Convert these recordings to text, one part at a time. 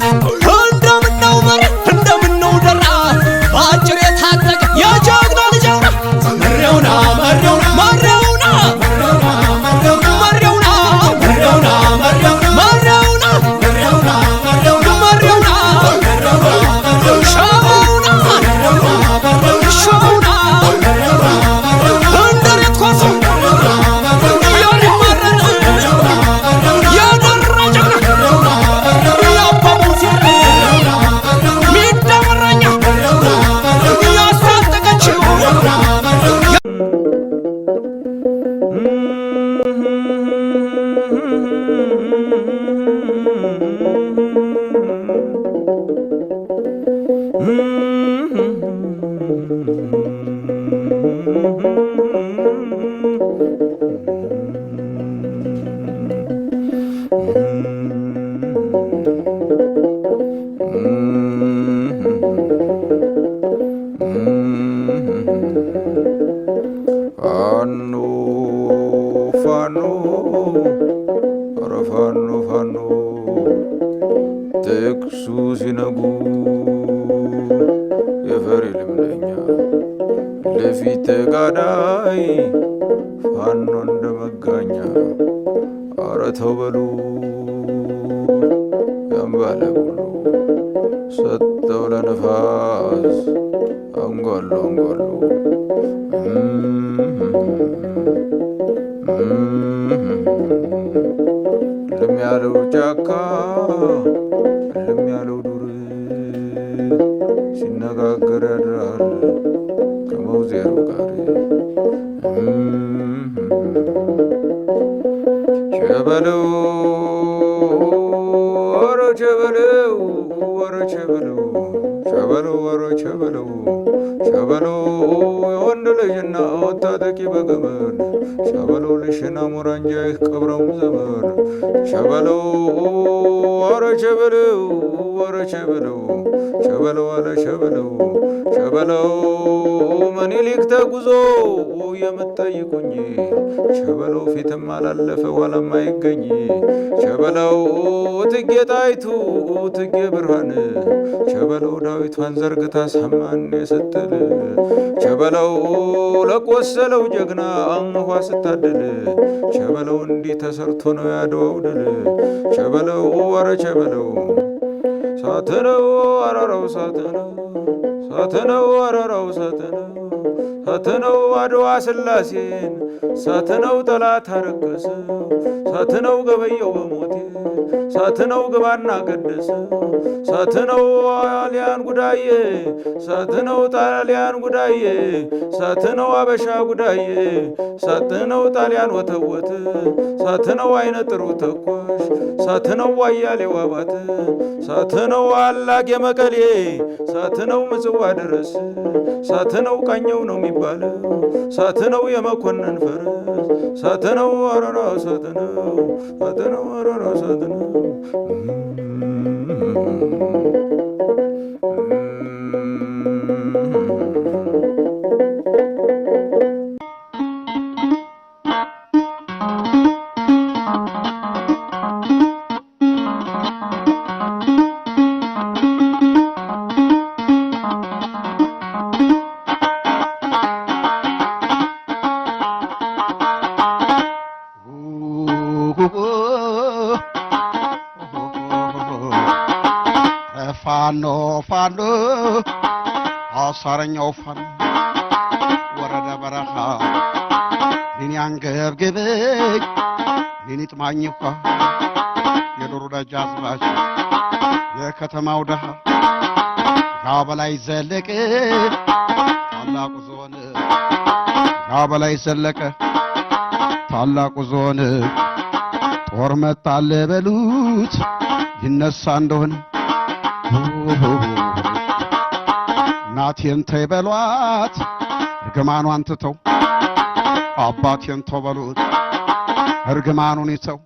Oh, thank you ጥቅሱ ሲነጉ የፈሪ ልምደኛ ለፊት ተጋዳይ ፋኖ እንደ መጋኛ አረ ተው ሰጠው ለነፋስ አንጓሉ አንጓሉ ያለው ጫካ ያለው ዱር ሲነጋገር ያድራል ከመውዜሩ ጋር ሸበለው ወረቸ በለው ወረቸ በለው ሸበሉ ወሮች ሸበሉ ሸበሉ የወንድ ልጅና ወታጠቂ በገመድ ሸበሉ ልሽና ሙራንጃይህ ቀብረሙ ዘመን ሸበሉ ወሮች ሸበሉ ወሮች ሸበሉ ሸበሉ አለ ሸበሉ ሸበሉ ምኒልክ ተጉዞ የምትጠይቁኝ ሸበሉ ፊትም አላለፈ ኋላም አይገኝ ሸበሉ ትጌ ጣይቱ ትጌ ብርሃን ሸበሉ ሰራዊቷን ዘርግታ ሰማን የሰጠል ቸበለው ለቆሰለው ጀግና አንኳ ስታደል ቸበለው እንዲህ ተሰርቶ ነው ያድዋው ድል ቸበለው ወረ ቸበለው ሳትነው አረረው ሳትነው ሳትነው ወረራው ሳትነው ሳትነው አድዋ ስላሴን ሳትነው ጠላት አረከሰው ሳትነው ገበየው በሞቴ ሳትነው ግባና ገደሰው ሳትነው ጣሊያን ጉዳዬ ሳትነው ጣሊያን ጉዳዬ ሳትነው አበሻ ጉዳዬ ሳትነው ጣሊያን ወተወት ሳትነው አይነ ጥሩ ተኳሽ ሳትነው አያሌው አባተ ሳትነው አላቅ የመቀሌ ሳትነው ምጽዋ አደረሰ። ሳትነው ቃኘው ነው የሚባለው፣ ሳትነው የመኮንን ፈረስ፣ ሳትነው አረራ፣ ሳትነው ሳትነው አረራ፣ ሳትነው ፋኖ ፋኖ አሳረኛው ፋኖ ወረደ በረኻ ኔን ያንገብግበኝ ኔን ይጥማኝ እንኳ የዶሩ ደጃዝማች የከተማው ደሃ ያበላይ ዘለቀ ታላቁ ዞን ያበላይ ዘለቀ ታላቁ ዞን ጦር መጣለ በሉት ይነሳ እንደሆነ እናቴን ተይ በሏት እርግማኗን ትተው አባቴን ተው በሉት እርግማኑን ይተው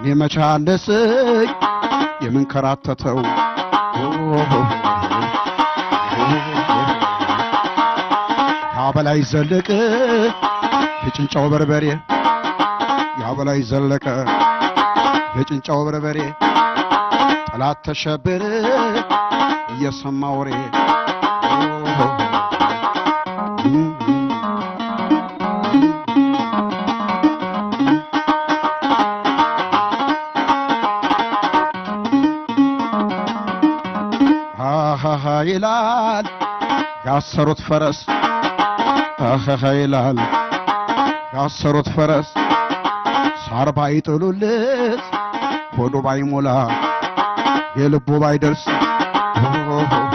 እኔ መቼ አለስኝ የምንከራተተው ያበላይ ዘለቀ የጭንጫው በርበሬ ያበላይ ዘለቀ የጭንጫው በርበሬ ጠላት ተሸብር እየሰማ ወሬ ይላል ያሰሩት ፈረስ አኸኸ ይላል ያሰሩት ፈረስ ሳር ባይጥሉለት ሆዱ ባይሞላ yellow providers. Oh.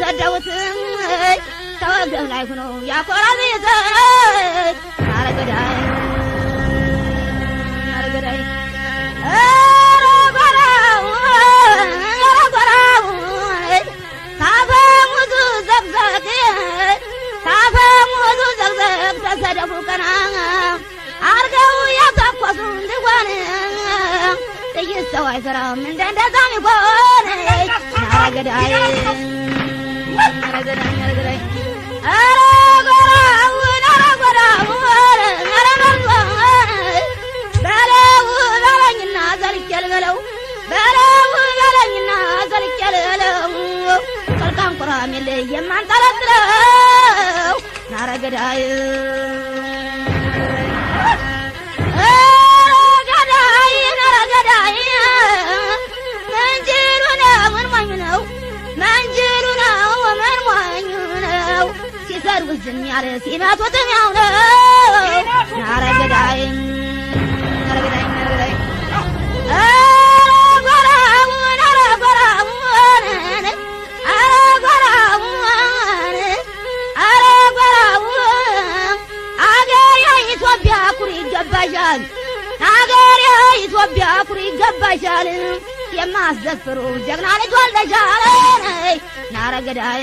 ያሳዳውትም ተወገብ ላይ ሁኖ ያኮራል ይዘት አረገዳይ አረገዳይ ሰው አይሰራም እንደ እንደዛም ይሆን ናረገዳይ I ዝም ያለ ሲመቱትም ያው ነው። ኧረ ገዳይ ኧረ ገዳይ ኧረ ገዳይ ጎራውን ኧረ ጎራውን ኧረ ጎራውን ኧረ ጎራውን አገሬ ኢትዮጵያ ኩሪ ይገባሻል። አገሬ ኢትዮጵያ ኩሪ ይገባሻል። የማስደፍሩ ጀግና ልጅ ወልደሻል። ናረ ገዳይ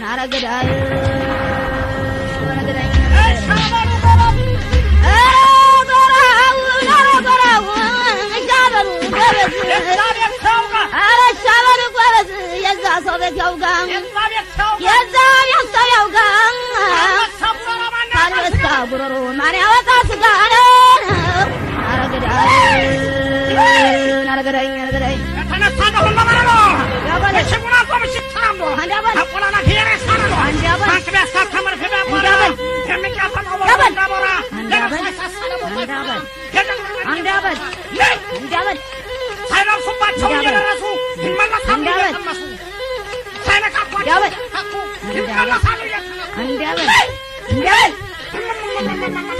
ናረገዳይ ወረገዳይ የዛ ሰው ቤት ያውጋ የዛ ቤት ሰው ያውጋ ታንበሳ ጉሮሮ ማን ያወጣ handaban hakuna na kiyare sarano handaban hakbe sa kamar fe ba bora kemika fa no bora bora handaban handaban handaban handaban ሳይረሱ ባቸው እየደረሱ ይመለሳሉ እየተመሱ ሳይነካኳቸው ይመለሳሉ እየተመሱ እንዳበል እንዳበል